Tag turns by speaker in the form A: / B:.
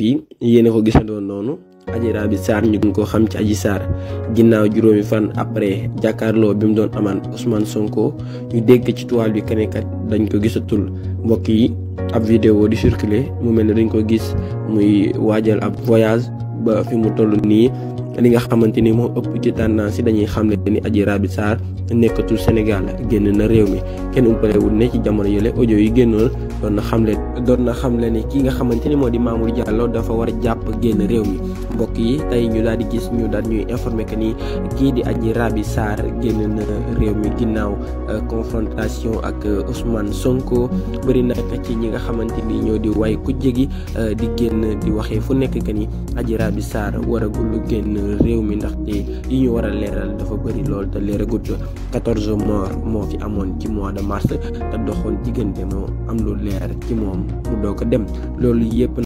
A: bi yéen a ko gisandoon noonu Adji Raby Sarr ñu gën koo xam ci Adji Sarr ginnaaw juróomi fan après jàkkaarloo bi mu doon amaan Ousmane Sonko ñu dégg ci toile bi kenekat dañ ko gisatul mbokk yi ab vidéo di circuler mu mel ni dañ ko gis muy waajal ab voyage ba fi mu toll nii li nga xamante ni moo ëpp ci tendance yi dañuy xamle ni Adji Raby Sarr nekkatul Sénégal génn na réew mi kenn umpalewul ne ci jamono yële audio yi génnoon doon na xamle doon na xamle ni kii nga xamante ni moo di Mamour Diallo dafa war a jàpp génn réew mi mbokk yi tey ñu daal di gis ñu daal ñuy informé que ni kii di Adji Raby Sarr génn na réew mi ginnaaw euh, confrontation ak euh, Ousmane Sonko bëri na ci ñi nga xamante ni ñoo di way ku jégi euh, di génn di waxee fu nekk que ni Adji Raby Sarr waragul génn réew mi ndax ndaxte yi ñu war a leeral dafa bëri lool te leeragut 14 morts moo fi amoon ci mois de mars te doxoon diggante moo am loolu milliards ci moom doo ko dem loolu yëpp